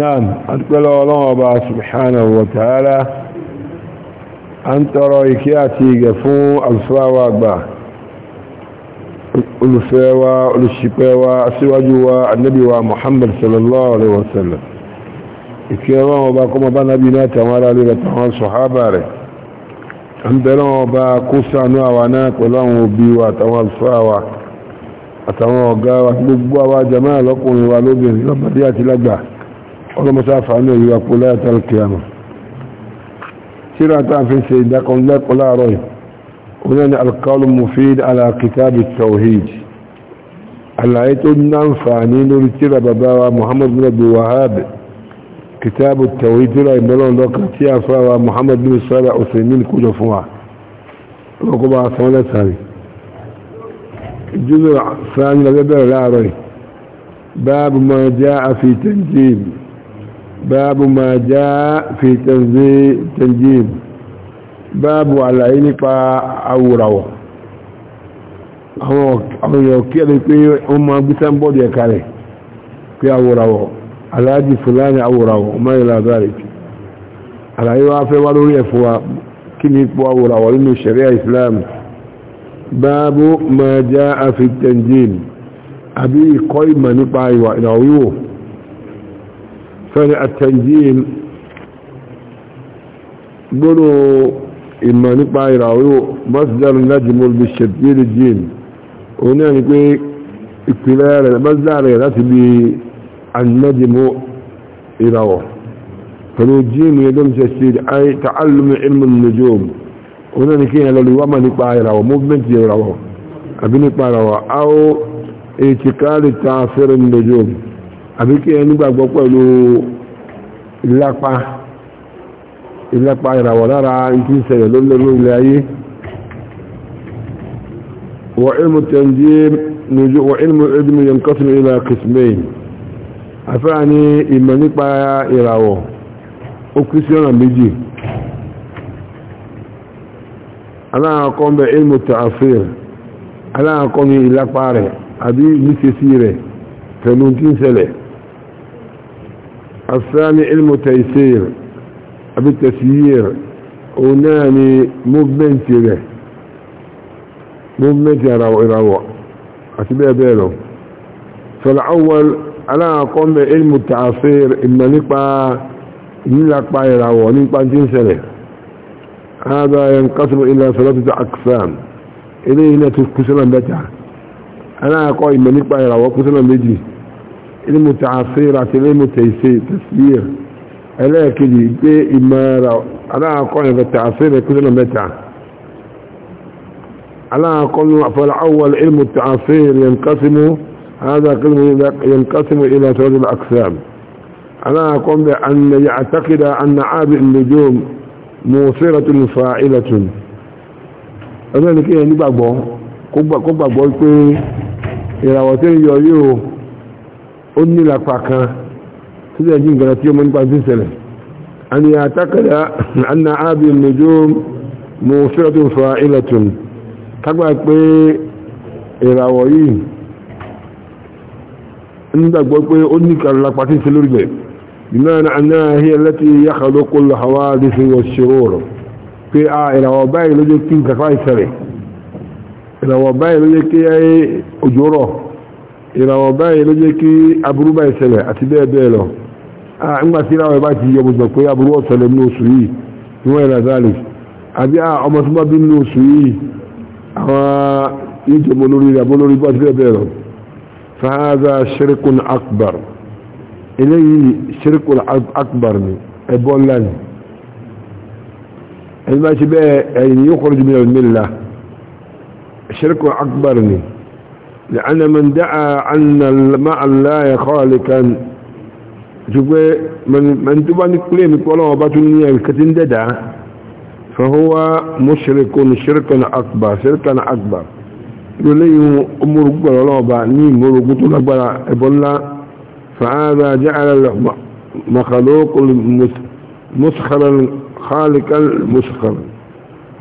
náà àtúgbẹ́lọ ọlọ́wọ́ bá subhanahu wa ta'ala an tọrọ ìkẹ́ àti ìgẹ̀ fún alfáwà àgbà olùfẹ́wà olùṣìpẹ́wà síwájú wa annabiwa muhammad sallallahu alaihi wasallam ìkẹ́ ọlọ́wọ́ bá kọmọ bá nábi náà tàwọn ará lè tàwọn sọ̀hábà rẹ̀ an bẹ̀rẹ̀ ọba kó sànú àwa náà pẹ̀lú àwọn òbí wa àtàwọn alfáwà àtàwọn ọ̀gá wa gbogbo àwa jama'a lọ́kùnrin wa lóbìnrin lọ́mọdé àti lágbàá ولا مسافة عنه يقول لا تلقيامة سيرا تعفين سيدا قل لا قل أعرأي قلنا القول المفيد على كتاب التوهيد العيت النام فانين لتيرا بابا محمد بن أبو وهاب كتاب التوهيد لا يملون لك تيافا محمد بن صالح وسيمين كجفوا وقبع صالة هذه الجزء الثاني لا أعرأي باب ما جاء في تنجيب باب ما جاء في تنجيب باب على عينك أوروه àwọn èèyàn kí ẹni pé wọ́n máa gbí sáńbọ́ọ̀dì ẹ̀ka rẹ̀ pé àwòràwọ̀ aláàjì fúláàní àwòràwọ̀ mẹ́rìnlá àbáyé àlàyé wá fẹ́ wá lórí ẹ̀fọ́ wa kí ni ipò àwòràwọ̀ nínú ṣẹ̀ríà Islam báàbù máa já àfitẹ́njìn àbí ìkọ́ ìmọ̀ nípa ìwà ìràwíwò فهي التنجيل قولوا إما نقبع مصدر النجم نجم بالشبيل الجين هنا نقول اكتلال مصدر يرتبي النجم فلو فالجين يدوم تشتير أي تعلم علم النجوم هنا نكين لولي وما نقبع يراوه موفمنت يراوه أبي نقبع أو اتكال تعصير النجوم àbí kí ẹ nígbàgbọ́ pẹ̀lú ìlápa ìlápa ìràwọ̀ lára ìtí ìṣẹ̀lẹ̀ lórílẹ̀ ilẹ̀ ayé wọ ilmu tẹ̀njí wọ ilmu ilmu yẹn kọ́sùn ilẹ̀ kìsmẹ́yìn afẹ́ra ní ìmọ̀ nípa ìràwọ̀ ó kú sí ọ̀nà méjì aláàkọ́ ń ilmu tààfíìr aláàkọ́ الثاني علم تيسير أبي وناني مبنت له موفمنت يروع يروع أتبقى بينهم فالأول ألا أقوم بعلم التعصير إما نقبع نلقبع يروع نقبع جنسله هذا ينقسم إلى ثلاثة أقسام إليه نتكسلا بتاع أنا أقوم إما نقبع يروع كسلا بجي المتعصير àti المتيسير تسبيح ẹlẹ́ẹ̀kejì pé ìmọ̀ra aláàkọ́ni fẹ́ tààsír ẹ̀kúnlẹ̀ mẹ́ta aláàkọ́ni فالأول علم التعصير ينقسم هذا قسم ينقسم إلى ثلاث الأقسام aláàkọ́ni أن يعتقد أن عابئ النجوم مؤثرة فاعلة ẹgbẹ́ ni kí ẹni gbàgbọ́ kó gbàgbọ́ pé ìràwọ̀ tí ń yọ yóò ó ní lápá kan tí ó jí nǹkan tí ó mọ́ nípa tí ṣẹlẹ̀ an yà tákàdá anna ábí nìjó mú fíratún fa ilatun kágbà pé ìràwọ̀ yìí nígbàgbọ́ pé ó ní kan lápá tí ṣe lórí bẹ̀ ìmọ̀ràn anna hiya kí nǹkan fáì rọ̀ ìràwọ̀ báyìí ló jẹ́ kí aburú báyìí ṣẹlẹ̀ àti bẹ́ẹ̀ bẹ́ẹ̀ lọ nígbà tí ìràwọ̀ bá ti yọ gbogbo pé aburú ọ̀ṣẹlẹ̀ ní oṣù yìí ní wọ́n ìlà zálì àbí ọmọ tó bá bí ní oṣù yìí àwọn yóò jẹ́ bolórí rẹ̀ bolórí bá ti bẹ́ẹ̀ bẹ́ẹ̀ lọ fàáza ṣirikun ni لأن من دعا أن مع الله خالقا جبه من من تبان كلمة ولا باتنيا الكتن ددا فهو مشرك شركا أكبر شركا أكبر يلي أمور قبل الله باني أمور قبل أبلا فهذا جعل المخلوق مسخرا خالقا مسخرا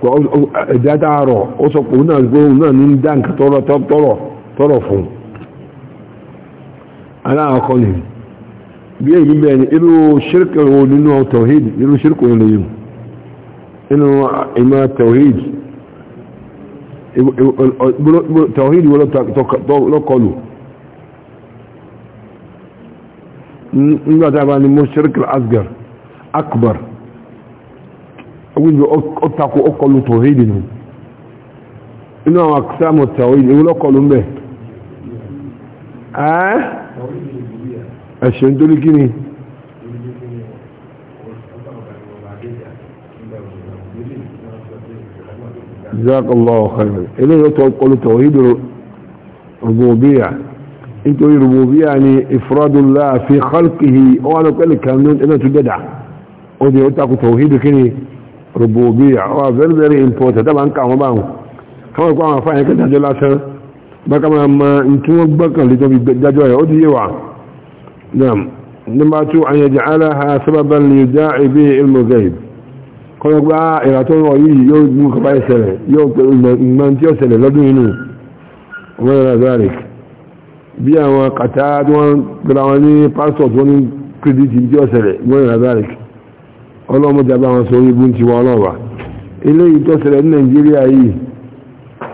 وإذا دعا روح وصفه هنا يقولون هنا نندان كتورة تبطره tọ́rọ̀ fún akọ ni bí i bí bẹ́ẹ̀ ni irú shirka wo nínú tawhid irú ṣírkì wo lè yìí inú ìmọ̀ tawhid tawhid wo lọ́kọlù nígbà tí a bá ní mú ṣírkì asgar akbar wíjọ ọtakù ọkọlù tawhid nù inú àwọn akísàmù tawhid ìwúlọ́kọlù ń bẹ́ẹ̀ ẹ̀ṣẹ̀ nítorí kí ni jazakallahu khairan ilé yóò tọ́ kọlu tawhid rububiyya nítorí rububiyya ni ifradullah fi khalqihi ó wà lọ́pẹ́lẹ̀ kanun iná tó dẹ́dà ó di ó takù tawhid kí ni rububiyya ó wà very very important dábàá ń kà wọ́n báwọn káwọn kó àwọn afáyẹn kẹta bákan máa ma tí wọ́n gbọ́kàn lè tọ́bi dájọ́ rẹ̀ ó ti yé wa naam nígbà tó àyẹ̀jẹ̀ aláha sábàbà lè dá ibi ilmu gaib kọ́nà gba ìrà tó rọ̀ yìí yóò mú kaba ìṣẹ̀lẹ̀ yóò pé ìgbà tí ó ṣẹlẹ̀ lọ́dún inú ilé ìtọ́sẹ̀lẹ̀ ní nàìjíríà yìí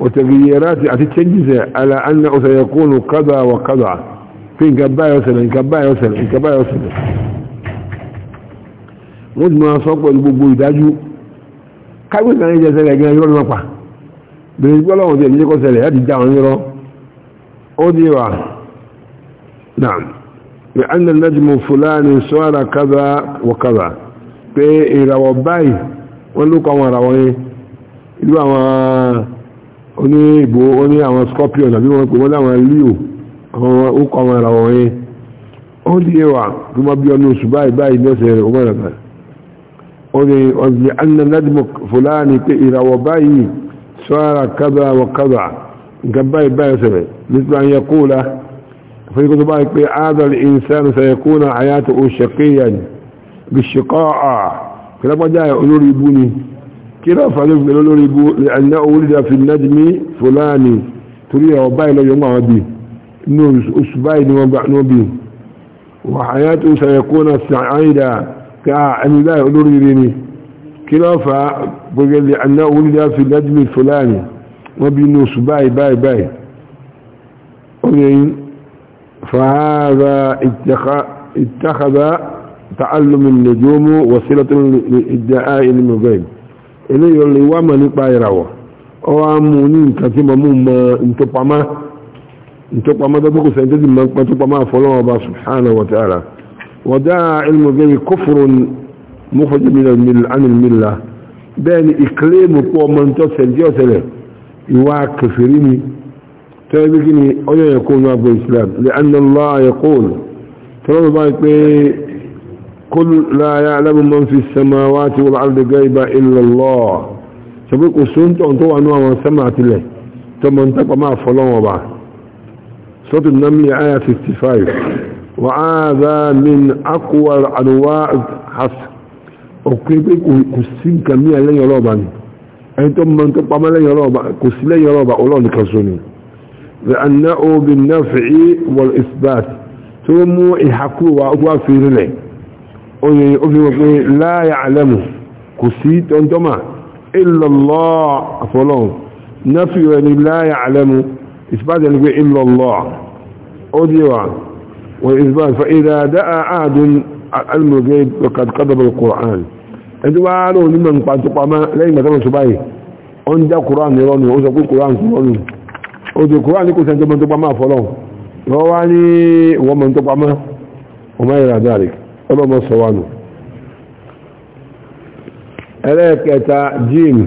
وتغييرات أتتجز على أنه سيكون كذا وكذا في انكباء يوصل انكباء يوصل انكباء يوصل مجمع صوت البوبو يداجو káwé kan yẹ sẹlẹ gẹ yọrọ náà pa bẹẹ gbọlọ wọn tẹ ní kó sẹlẹ láti dá wọn yọrọ ó di wa náà bẹ anna najmu fulani sọ́ra kaza wa kaza pé ìràwọ̀ báyìí wọ́n ló kọ́ àwọn ìràwọ̀ yẹn irú àwọn ó ní ìbò ó ní àwọn scorpion àbí wọ́n pè wọ́n láwọn leo àwọn ókọ àwọn ara wọn yẹn ó ní ẹwà tó má bí ọdún oṣù báyìí báyìí lọ́sẹ̀ rẹ̀ ọmọ ìrọ̀kà ó ní ọ̀gbìn anna nadmo fulani pé ìràwọ̀ báyìí sọ́ra kábà wọ kábà nǹkan báyìí báyìí sẹ̀rẹ̀ nípa yẹ kó la fẹ́yìí kó tó báyìí pé adal insan sayakuna hayatu shaqiyan bishiqa'a kìlápọ́jà olórí ibú ni كلا فعليه لولوري لأنه ولد في النجم فلاني تريد وباي لا يوم عبي نوز أسباي نوبي وحياته سيكون سعيدة كأن لا يولوري ريني كلا فقال لأنه ولد في النجم الفلاني وبي نوز باي باي فهذا اتخذ تعلم النجوم وسيلة لإدعاء المغيب eléyìí ọ̀lẹ́ wà mọ̀ nípa ìràwọ̀ ọ wá mú ní nǹkan tí mo mú mọ ntọ́pamá ntọ́pamá tó kókò sẹ́ńtẹ́ tí mo pẹ́ ntọ́pamá àfọlọ́wọ́ ọba subhanahu wa ta'ala wọ́dà ilmu gẹ́gẹ́ kófòrò mọ́kànjẹ́ mílíọ̀nù bẹ́ẹ̀ ni ìkìlẹ́mù pọ̀ ọmọ ntọ́ sẹ́ńtẹ́ ọ̀sẹ̀lẹ̀ ìwà kẹfìrí ni tẹ́lẹ̀ kí ni ọyọ́ yẹ kó ní abẹ́ islam lẹ́yìn قل لا يعلم من في السماوات والارض غيبا إلا الله سبق السنت أن تقول أنه من سمعت له ثم انتقى مع فلان وبعد صوت النمي آية 65 وعاذا من أقوى الأنواع حصر أوكي بك كسين كمية لن يرابا أي ثم انتقى ما لن يرابا كسين لن يرابا أولون كسوني لأنه بالنفع والإثبات ثم يحقوا وأقوى في رنين oye obi wọ pé láyà alẹ́mù kò sí tọ́ntọ́mà ìlọ́lọ́ àfọlọ́hùn náfi rẹ̀ ni láyà alẹ́mù ìsìbájẹ̀ ni pé ìlọ́lọ́ ó dí wà wọ́n ìsìbájẹ̀ fa ìdàdá àádùn alìmọ̀gẹ́ kàdàbà kòrán ẹni wá rò ní mọ̀ nípa tó pamá lẹ́yìn mẹ́tọ́lọ̀ tó báyìí ó ń já kòrán ní rọ́nù ó sọ pé kòrán sí rọ́nù ó dé ọlọ́mọ sọ̀wánù ẹlẹ́ẹ̀kẹta jíìmù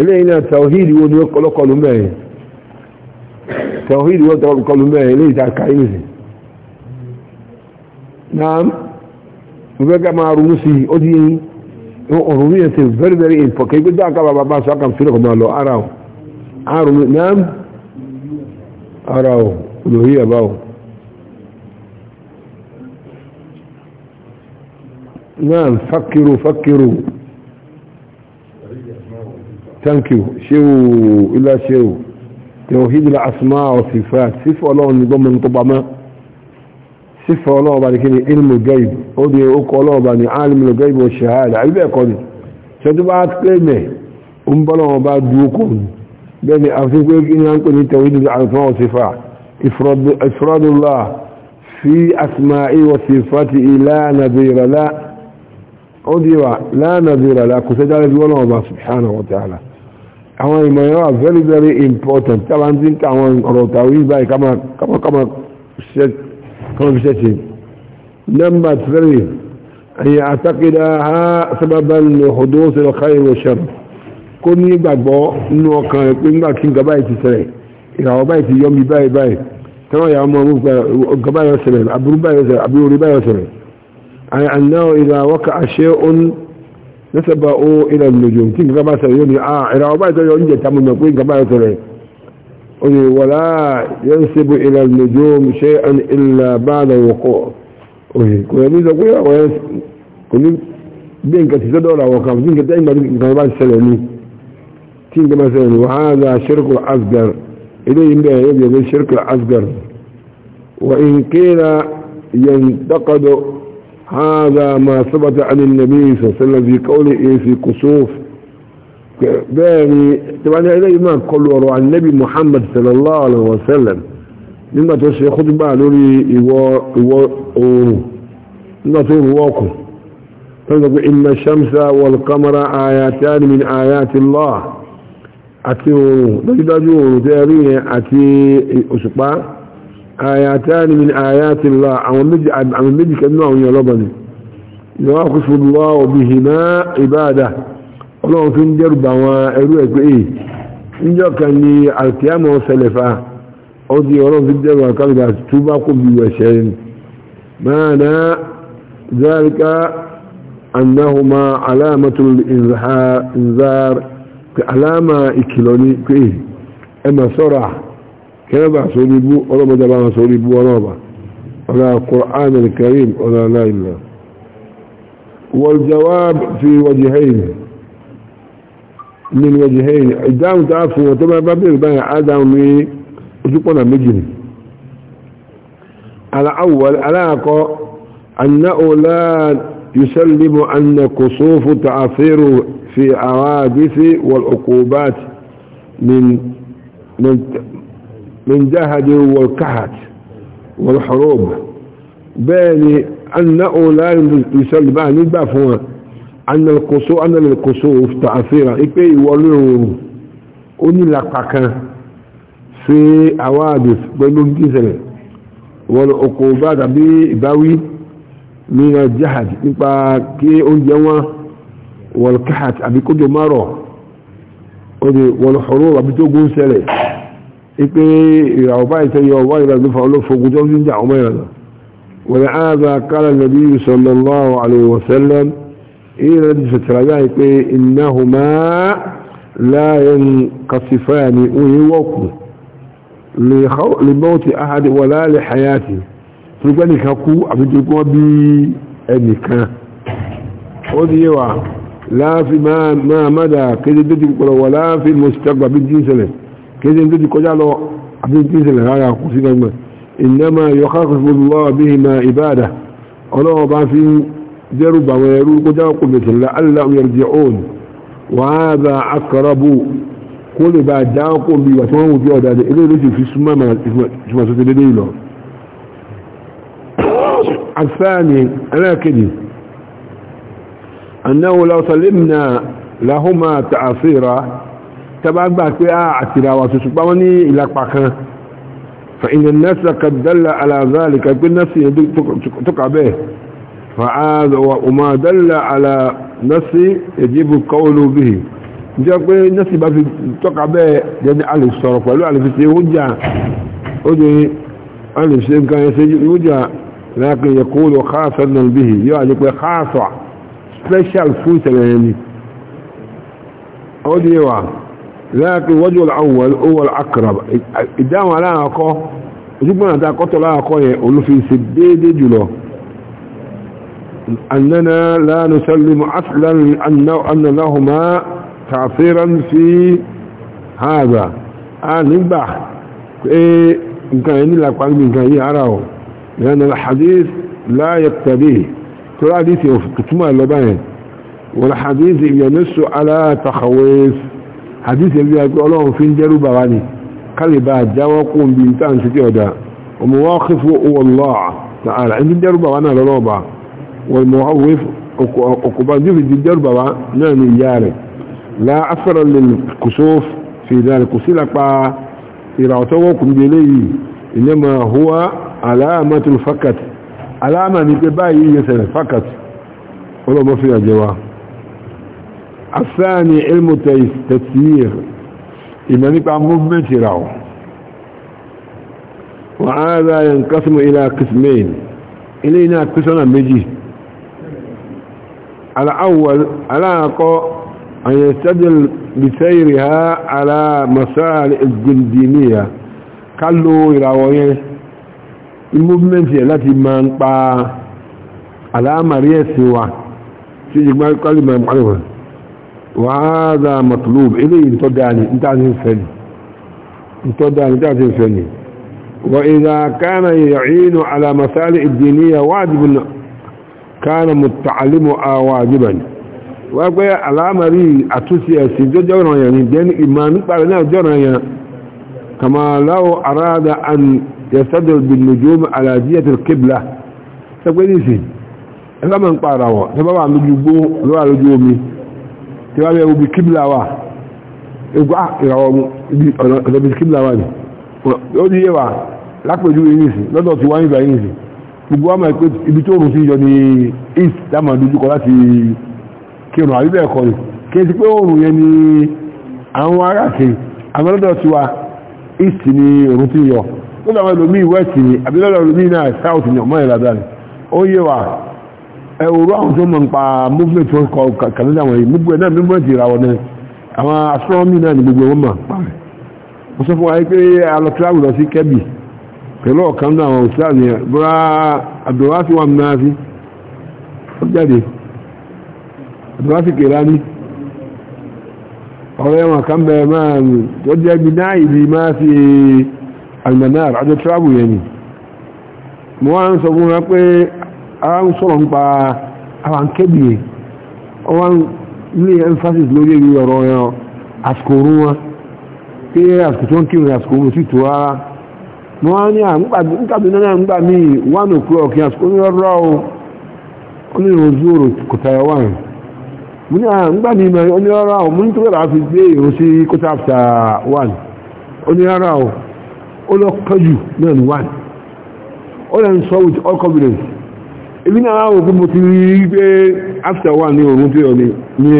eléyìí náà tàwíìdì wo ni ó kọlọ́kọlù mẹ́rin tàwíìdì wo kọlọ́kọlù mẹ́rin eléyìí ta kàí nìsí náà mo fẹ́ ká máa ronú sí ó di ọ̀rùn ní ẹsẹ̀ very very important kí gbé dáka bàbá sọ àkàmù sílẹ̀ kò lọ ara o ara o olórí ẹ̀bá نعم فكروا فكروا thank you ṣéwò ilá ṣéwò tẹ̀wọ̀hídì asma ọ̀sìfà sífà ọlọ́run ní gbọ́mọ̀ tó bá mọ́ sífà ọlọ́run bá ní kí ni ilmu gaib ó di okọ̀ ọlọ́run bá ní alimu gaib ó ṣe àádà àbíbẹ̀ ẹ̀kọ́ ni ṣẹ́tú bá pé mẹ́ ń bọ́ lọ́wọ́ bá du okọ̀ ni bẹ́ẹ̀ ni àfi pé kí ni a ń pè ní tẹ̀wọ̀hídì asma ọ̀sìfà ìfúrọ́dúnlá fi asma ìwọ̀sìfà ti ìlànà bèèrè láà وديوا لا نظير لا كسجال بيقولوا الله سبحانه وتعالى àwọn ìmọ̀ yẹn wà very very important tàbí tí ń ká àwọn ọ̀rọ̀ tàwí báyìí kama kama kama fi ṣẹ́ṣe number three ayi àtàkìdá ha sábàbà lè ọdọ́ sẹ́lọ káyẹ̀ wọ̀ṣẹ́m kó ní gbàgbọ́ nínú ọkàn rẹ̀ pé ńgbà kí nǹkan báyìí ti ṣẹlẹ̀ ìràwọ̀ báyìí ti yọmi أي أنه إذا وقع شيء نسبه إلى النجوم تين كما سيوني آه إلى عبادة يونجة تمام يقول كما يسرين ولا ينسب إلى النجوم شيئا إلا بعد وقوع كوني ويقول يقول كوني بين كتير دولة وقام بين كتير ما بعد تين كما سلامي وهذا شرك الأصغر إليه ما يبدو الشرك الأصغر وإن كان ينتقد هذا ما ثبت عن النبي صلى الله عليه وسلم في قوله إيه في كسوف يعني طبعا هذا ما قل وروا عن النبي محمد صلى الله عليه وسلم لما توسي خطبا لولي يوارونه لما توارواكم فنقول إن الشمس والقمر آياتان من آيات الله أتيونه لذلك دا دا دا آياتان من آيات الله عمل مجي كنوع يلبني لو أقصد الله بهما عبادة الله في الجربة وإروك إيه إنجا كان لي القيامة والسلفة أودي ورد في الجربة قلبة توباكم بوشين معنى ذلك أنهما علامة الإنذار كعلامة إكلوني كإيه أما صرح كما سوليبو بو ولما دبا سوري بو ولما على القرآن الكريم ولا لا إلا والجواب في وجهين من وجهين إدام تعفو وتبع بابير بان آدم وشكونا مجن على أول علاقة أنه لا يسلم أن كصوف تعثير في عوادث والعقوبات من من من جهد والكهت والحروب بين أنه لا يسل بها نبا أن القصوف أن للقصوف تأثيرا إكي ولو أني لقاك في أوادث بلون جزل والعقوبات بباوي من الجهد نبا كي أنجوا والكهت أبي كدو مارو والحروب أبي تقول سلي ipe ìràwọ̀ báyìí tẹ́yọ ọwọ́ ìrànlọ́fà olófogun tó ń jà ọmọ ìrànlọ́ wọ̀lẹ̀ ààbà kára nàbí sallallahu alaihi wasallam ìrìnlẹ̀ ti fẹ̀tẹ̀rẹ̀ báyìí pé innahuma la yanqasifani òyìn wọ́kù li mawti ahadi wala li hayati fúrúgbẹ́ nìkan kú àbíjúgbọ́ bí ẹnìkan كذا نجد كجالو عبد العزيز الغاية قصيدة ما إنما يخاف الله بهما عبادة الله بان في جرب ويرو كجالو قلت لألا يرجعون وهذا أقرب كل بعد داكم بي وتمام في هذا إلى رجل في سما ما سما سيدي له الثاني أنا كذا أنه لو سلمنا لهما تعصيرا tàbá gbà pé a ah, àtìràwà tó ṣùgbọ́n wọ́n ní ìlàpà kan fa inna nasa qad dalla ala zalika pé nasi yẹn tókà bẹ́ẹ̀ fa aza wa ma dalla ala nasi yajibu qawlu bihi jẹ́ pé nasi bá fi tókà bẹ́ẹ̀ jẹ́ni a lè sọ̀rọ̀ pẹ̀lú àlèfiṣe hujja ó di àlèfiṣe nǹkan ẹsẹ̀ hujja lakin yaqulu khasatan bihi yóò àjẹpẹ́ khasa special food ìṣẹ̀lẹ̀ yẹn ni ó di wa لكن الوجه الأول هو الأقرب إدام لا أقو جبنا دا قطع لا أقو يقول في سديد جلو أننا لا نسلم أصلا لأنه أن لهما تأثيرا في هذا آن آه، نبع إيه، إن كان يعني لا قال من كان يراه إيه، لأن الحديث لا يقتضيه ترى حديث يفتما اللبان والحديث ينص على تخويف hadith ẹgbẹ́ ẹgbẹ́ ọlọ́run fi ń jẹ́rú bàbá ni kálíbà jáwọ́ kún bí n tàn síkẹ́ ọ̀dà ọmọ wá kífò Allah ta'ala ẹni jẹ́rú bàbá náà lọ́lọ́ọ̀bà wọ́n mọ̀ ọ̀wé ọkùnbá ní fi jẹ́rú bàbá náà ní ìyá rẹ̀ la asara lil kusuf fi dhalika kò sí lápá ìràwọ̀tọ́wọ́ kùn bí eléyìí inama huwa الثاني علم التسيير إما نبقى موفمنت راو وهذا ينقسم إلى قسمين إلينا قسمنا مجي الأول علاقة أن يستدل بسيرها على مسائل الدينية قالوا إلى وين الموفمنت التي منقى على مريسوا سيجمع قلبا معلومة وهذا مطلوب إليه انتدعني انتعني الفني انتدعني انتعني الفني وإذا كان يعين على مسائل الدينية واجب كان متعلم واجبا وقال الأمر أتوسي أسجد جورا يعني دين إيمان قال جورا يعني كما لو أراد أن يستدل بالنجوم على جهة القبلة تقول إيسي لما نقاروا سببا نجوبه لو نجومي tí wọ́n bẹ obi kíbla wa egu a ah, ìràwọ̀ mu ibi ọ̀nà ibi kíbla wa ni ó di yé wa lápẹ̀jú yìí sí lọ́dọ̀ tí wọ́n yìí bá yìí sí gbogbo wa máa pé ibi tó rùn sí yọ ní east dáàmà dojú kọ láti kírun àbí bẹ́ẹ̀ kọ́ ni kí n ti pé oòrùn yẹn ni àwọn ará sí àwọn lọ́dọ̀ tí wa east ni oòrùn ti yọ lọ́dọ̀ àwọn ẹlòmíì west ni àbí lọ́dọ̀ ẹlòmíì náà south ni ọmọ ìlàdà ni ó yé wa ẹ̀wòrú àwọn tó mọ̀ ń pa movement wọn kọ kàlẹ́dà wọ̀nyí gbogbo ẹ̀ náà movement ìràwọ̀ náà àwọn astronomy náà ni gbogbo wọn mà pààrẹ̀ mo sọ fún wa pé alọ travel lọ sí kẹ́bì pẹ̀lú ọ̀kan náà àwọn òṣìṣẹ́ yẹn bọ́ra àdùnwásí wà náà sí ó jáde àdùnwásí kèrà ní ọ̀rẹ́ wọn kan bẹ̀rẹ̀ máa tó jẹ́ bí náà ìbí máa sí almanar àjọ travel yẹn ni mo wá ń sọ fún wa pé ara ń sọ̀rọ̀ nípa ara ń kẹ́bìyè ní emphasis lórí ewì ọ̀rọ̀ ẹran àsìkò orun wọn pé àsìkò tó ń kírun àsìkò orun sì tó ara wọ́n ní one o'clock ní ọ̀rọ̀ o ó ní ìrùn one ó one sọ with all ebi na láwọn òfin mo ti rí pé after one ní òun tí ó ní ní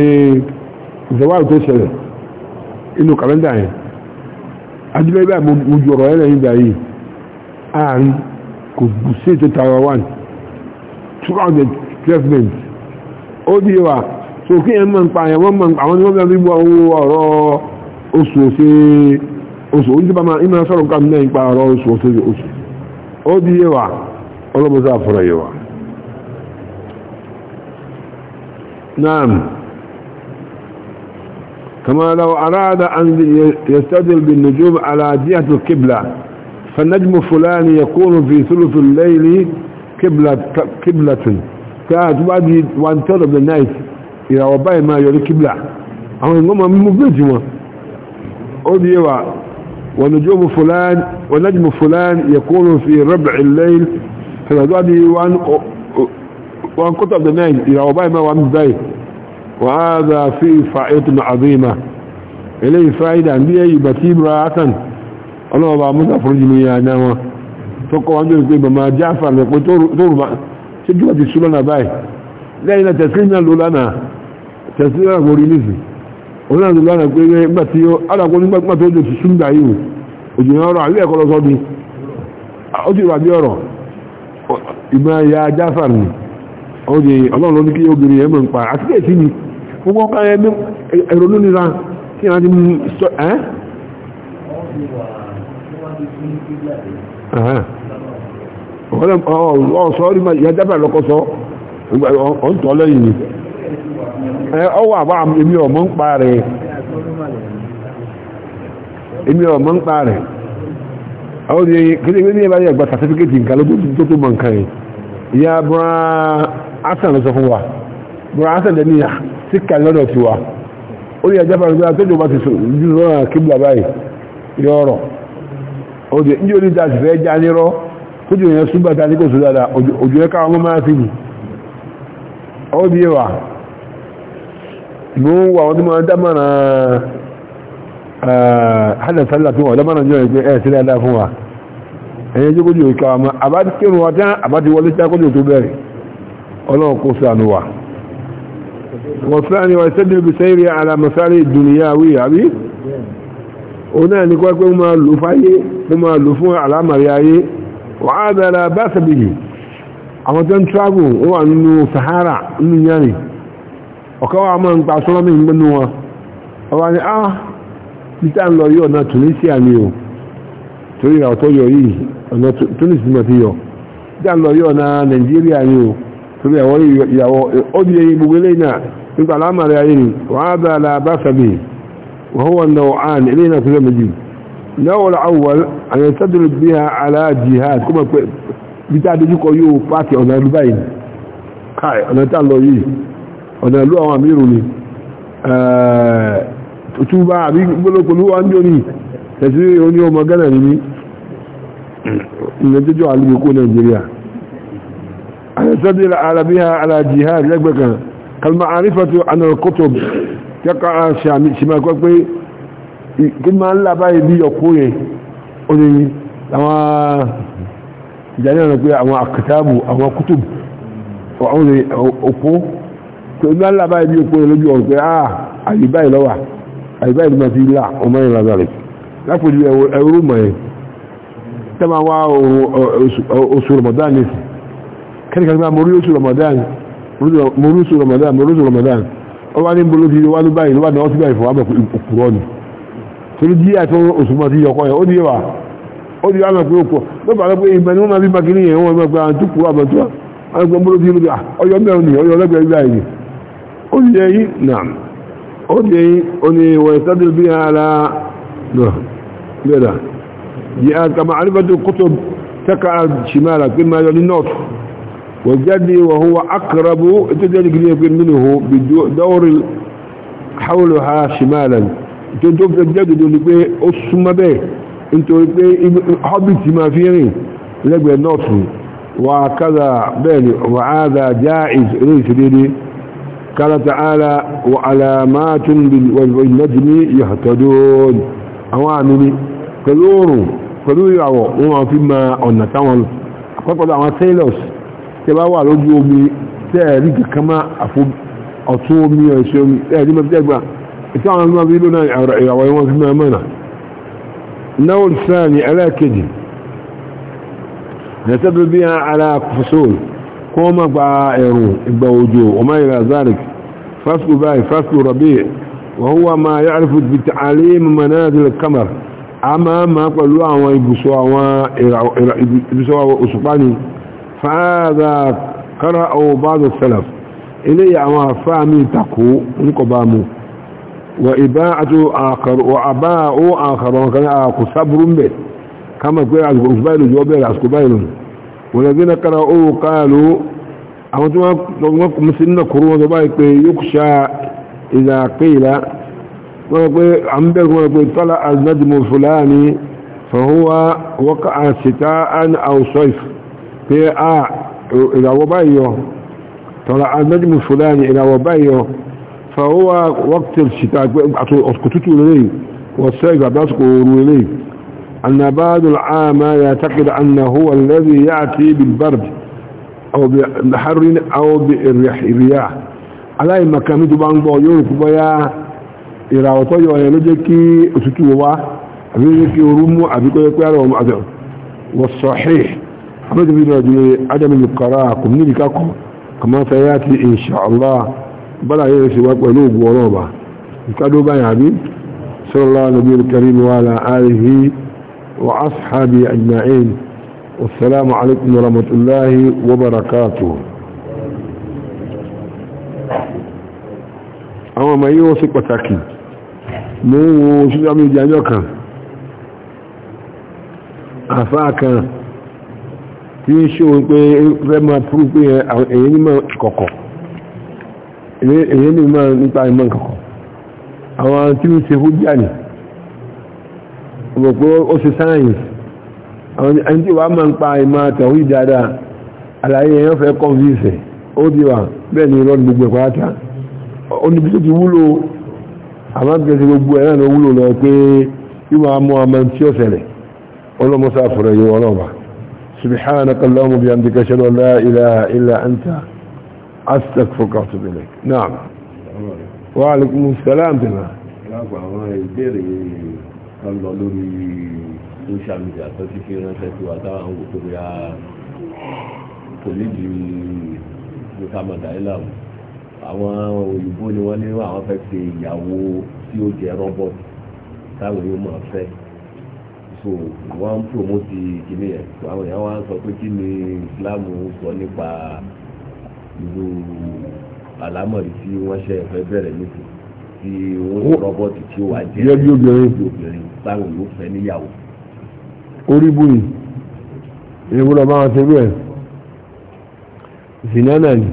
ìṣẹ̀wáàrù tó ṣẹlẹ̀ inú kàlẹ́ndà yẹn adúlẹ̀ ibà mo ju ọ̀rọ̀ ẹlẹ́yìn ìgbà yìí àárín kò sí one two hundred di wa so kí ẹ máa ń pa àyẹ̀wò àwọn ni wọ́n bá fi gbọ́ owó ọ̀rọ̀ oṣù oṣù máa ń sọ̀rọ̀ nǹkan náà ń pa ọ̀rọ̀ oṣù oṣù ó wa. نعم كما لو أراد أن يستدل بالنجوم على جهة القبلة فالنجم فلان يكون في ثلث الليل قبلة قبلة كانت بعد وانترب للناس إلى وباء ما يري قبلة أو إنهم مبجمة أوديوا ونجوم فلان ونجم فلان يكون في ربع الليل وادي وان one quarter of the night ìràwọ̀ a mẹ́wàá ní báyìí wà á dà fi fa'idun azima eléyìí fa'ida ní ẹ̀yìn bàtí ibra hasan ọlọ́ọ̀bà musa fúrújì ní oye ọlọ́run ló ní kí obìnrin ẹ̀mọ̀ ń pa àti kí èsì ni gbogbo ọkọ̀ ẹ̀mí ẹ̀rọ̀lú nira kí a ti mú sọ ẹ́ ọ̀sọ́ rí ma ìyájábà lọ́kọ́ sọ ọ̀ntọ́ lẹ́yìn ni ọwọ́ àbá èmi ọmọ ń pa rẹ̀ èmi ọmọ ń pa rẹ̀ ọ̀rẹ́ kí ní ẹgbẹ́ ní ẹgbẹ́ àgbà sàtífíkẹ́tì nǹkan ló tó mọ̀ nǹkan yìí ìyá bọ́n asan lọ sọ fún wa bọ̀rọ̀ asan dẹ̀ níyà sí kà lọ́dọ̀ ti wa ó ní ẹjẹ́ fàrin gbára tó jọba ti sùn jù lọ́nà kíbla báyìí yọ ọ̀rọ̀ ó dẹ̀ ní orí ìdá ìfẹ́ já nírọ́ tó jù yẹn súgbà ta ní kò sùn dáadáa òjò ọmọ máa fi ó bí wa ìmú wọn tó máa dámàrà eh, hannun fún wa jọ ìgbé ẹ̀ fún wa jókòjò àbá ti kírun wa tán àbá ti wọlé a tó bẹ̀rẹ̀ ọlọ́run kó sànù wa wọ̀sánì wà ìṣẹ́dẹ̀ ibi sẹ́rí alamọ̀sáré ìdúnìyàwó àbí o na ní kwẹ́kwẹ́ mọ́ lò fáyé mọ́ mọ́ lò fún alamari ayé wà á dára bá sàbìyì àwọn tó ń travel ó sahara yari ọ̀ká wà ma ń pa sọ́lọ́mì torí àwọn ìyàwó ọdún yẹn gbogbo ilé náà nípa alámàrí ayé ni wọ́n á bá sàbí wọ́n wọ́n na ọ̀hán ilé náà tẹ́lẹ̀ náà wọ́n àwọn àwọn i aláàjihad kó mọ̀ pé bí يستدل على بها على جهاد لك كالمعرفة عن الكتب يقع شامل شمال كوكبي ما الله باي بي يقوي أولي أما جانينا نقول أما كتاب أما كتب أولي أقو كما لا باي بي يقوي لبي أولي آه أي باي لوا أي باي لما في الله وما إلى ذلك لا فجل أورو ما تما واو أسور مدانيسي kẹ́nìkan gbá morílùsù Ramadan morílùsù Ramadan morílùsù Ramadan ó wá ní bolo ti wá ní báyìí ló bá náà sí báyìí fún abẹ́ òkúrọ́ ni torí jí àti òṣùmọ̀ ti yọkọ yẹn ó ní wà ó ní wàá pé òkú ló bàa pé ìgbà ni wọ́n máa bí makini yẹn wọ́n máa gba àti kúrò àbẹ̀tú àwọn ìgbà bolo ti ló bí ọyọ وجدي وهو أقرب تدلك ليكن منه بدور حولها شمالا تدوب تجدد لكي أسمى به انتو لكي حبيت ما فيني لكي نوتر وكذا بالي وعاذا جائز ليس لي قال تعالى وعلامات بالنجم يهتدون أوامني كذوروا كذوروا وما فيما أنتون فقط أما سيلوس tẹ bá wà lójú omi tẹ ẹ rí kankan má àfo ọ̀tún omi ẹ̀ṣẹ̀ omi tẹ ẹ rí mọ́ tẹ́gbà ìtí àwọn ọmọ bí lónà ìràwọ̀ wọn fi máa mọ̀nà náwó sáà ní ẹlẹ́ẹ̀kejì nẹ̀tẹ́bí bí ara fòsòl kó wọ́n má gba ẹ̀rùn ìgbà òjò ọmọ ìrà zarik fásitì báyìí fásitì rọ̀bì wọ́n wà máa yá àrífù bí tààlé manazil kamar a máa máa pẹ̀lú àwọn ibùsọ̀ àwọn òṣùpá ni فهذا قرأوا بعض السلف إلي أما فامي تقو نكبامو وإباعة آخر وعباء آخر وكان آخر صبر به كما يقول عزق أسبايل جوابيل عزق بايل والذين قرأوا قالوا أما تمام مسلنا كرونا بايك يكشى إذا قيل عمبير طلع النجم الفلاني فهو وقع شتاء أو صيف في إلى وبايو طلع النجم الفلاني إلى وبايو فهو وقت الشتاء أسكتتوا لي والسيقى بسكوا لي أن بعض العام يعتقد أنه هو الذي يأتي بالبرد أو بحر أو بالرياح على المكان دبان بايو كبايا إلى وطي ويلجكي أسكتوا وبا أبيكي ورمو أبيكي ورمو أبيكي والصحيح حمد بن رجل عدم القراء كم نلقاكم كما سيأتي إن شاء الله بلا يرسي وقلوب وروبة قالوا بقى يا حبيب صلى الله على نبي الكريم وعلى آله وأصحابه أجمعين والسلام عليكم ورحمة الله وبركاته àwọn ọmọ yíò sí pàtàkì mú wo ṣúgbàmí ìjànyọ́ kan àfáà kan tí ń ṣe òun pé fẹ́ máa fúrú pé èyí ní máa kọ̀kọ̀ èyí ní máa nípa ìmọ̀ kọ̀kọ̀ àwọn tí ń ṣe hújá ní ọ̀pọ̀ ó ṣe sáyẹ̀nsì àwọn ẹni tí wà máa ń pa ìmọ̀ àtàwí dáadáa àlàyé èyàn fẹ́ kọ́nfíìsẹ̀ ó di wà bẹ́ẹ̀ ni ìrọ́ gbogbo ìpàátà ó ní bí tó ti wúlò àmọ́ bí kẹsì gbogbo ẹ̀ náà ló wúlò lọ pé yíwọ́n á mú tí ó ṣẹlẹ̀ ọlọ́mọsáfọ̀rẹ̀ yìí ọlọ́ọ̀bàá سبحانك اللهم بحمدك اشهد ان لا اله الا انت استغفرك واتوب اليك نعم وعليكم السلام تمام social media tó ti fi ránṣẹ́ sí wa táwọn àwọn òkú bóyá kò ní di mohammed islam àwọn òyìnbó ni wọ́n ní àwọn fẹ́ ṣe ìyàwó tí ó jẹ́ robot táwọn yóò máa fẹ́ so wọ́n ń promote kìnìún yẹn so àwọn èèyàn wá ń sọ pé kí ni Islam sọ nípa irú àlámọ̀rí tí wọ́n ṣe fẹ́ bẹ̀rẹ̀ nísìn tí wọ́n rọ́bọ̀tì tí ó wà jẹ́ yẹ́bí obìnrin obìnrin táwọn yóò fẹ́ níyàwó. orí bùyì èèwù lọ bá wọn ṣe bẹ́ẹ̀ zinana ni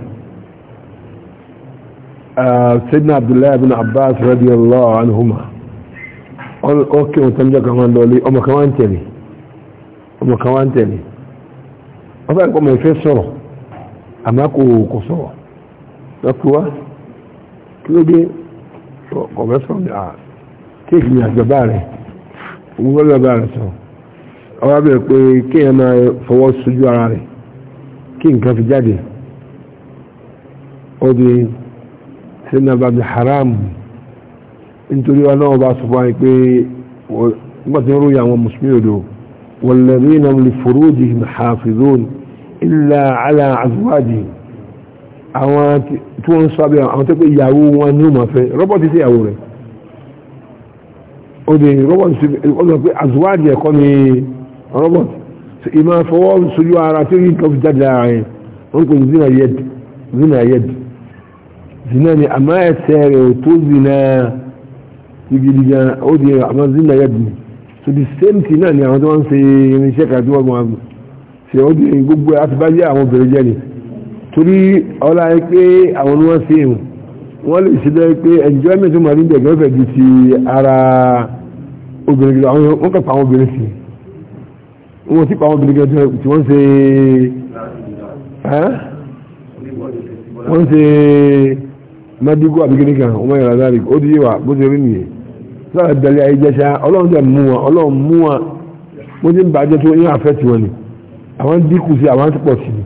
ah, Sayyidina Abdullahi bin Abbas radiyallahu anhuma. ọkẹ́ òun tánjọ́ kan wọ́n ọmọ kan wá ọmọ kan wá ń tẹ̀lé wọ́n bá ìpọ́mọ̀ ìfẹ́ kò kò sọ̀rọ̀ lọ́pùwá kí ló dé ní kéèkì ní àjọba bá pé kéèyàn máa sójú ara kí nǹkan fi jáde ó di sínú abàmì nítorí ọlọ́wọ́ bá sọ fún wa pé nígbà tí ó ròyìn àwọn mùsùlùmí odò walladhina li furujihim hafizun illa ala azwajihim àwọn tí wọ́n ń sọ abẹ́ àwọn tó pé ìyàwó wọn ní òmà fẹ́ rọ́bọ̀tì sí ìyàwó rẹ̀ ó dé rọ́bọ̀tì sí ọ̀nà pé azwaji ẹ̀kọ́ ni rọ́bọ̀tì ìmọ̀ fọwọ́ sojú ara tí ó yí jáde ara yẹn wọ́n kò zina yed gidi gan ó di àwọn zina yẹ bi so the same thing náà ni àwọn tó wọ́n ń ṣe irinṣẹ́ kan tí wọ́n gbọ́n àgbọn ṣe ó di gbogbo àtibáyé àwọn obìnrin jẹ́ ni torí ọlá yẹ pé àwọn ni wọ́n ṣe é wọ́n lè ṣe lọ́yẹ pé enjoyment wọn ní bẹ̀rẹ̀ fẹ́ di ti ara obìnrin gidi àwọn wọ́n kàn pa àwọn obìnrin sí wọ́n ti pa àwọn obìnrin gidi tí wọ́n ṣe wọ́n ṣe madigo àbíkínìkan wọ́n yàrá dárí ó di yé wa bó ṣe rí nìyẹn lára ìbẹ̀rẹ̀ ayéjẹsà ọlọ́run dẹ̀ mú wọn ọlọ́run mú wọn mo ti ń bàjẹ́ tó yín àfẹ́ tiwọn ni àwọn dínkù sí àwọn ti pọ̀ sí ni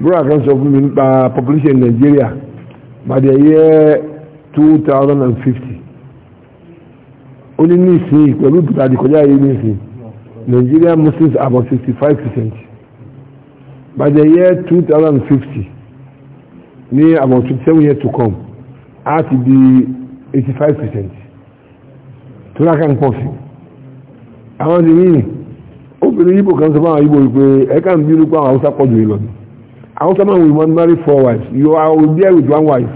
búrọ̀ kan sọ fún mi nípa population Nigeria bàdé yẹ two thousand and fifty ó ní nísìnyí pẹ̀lú ìdúràdì kọjá yìí nísìnyí Nigeria Muslims are about sixty five percent by the year two thousand and fifty ní about twenty seven years to come á ti di eighty five percent tó lákà ń pọ̀ sí àwọn ti rí obìnrin yíbò kan sọ fún àwọn yíbò wípé ẹ̀ka ń bínú pé àwọn haúsá pọ̀ jù lọ haúsá máa wù wọ́n marry four wives you are there with one wife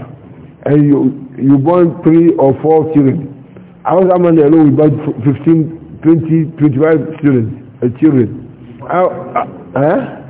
and you you born three or four children haúsá máa ní ẹ̀lọ́wọ̀ about fifteen twenty twenty five children. Uh, children. Uh, uh, eh?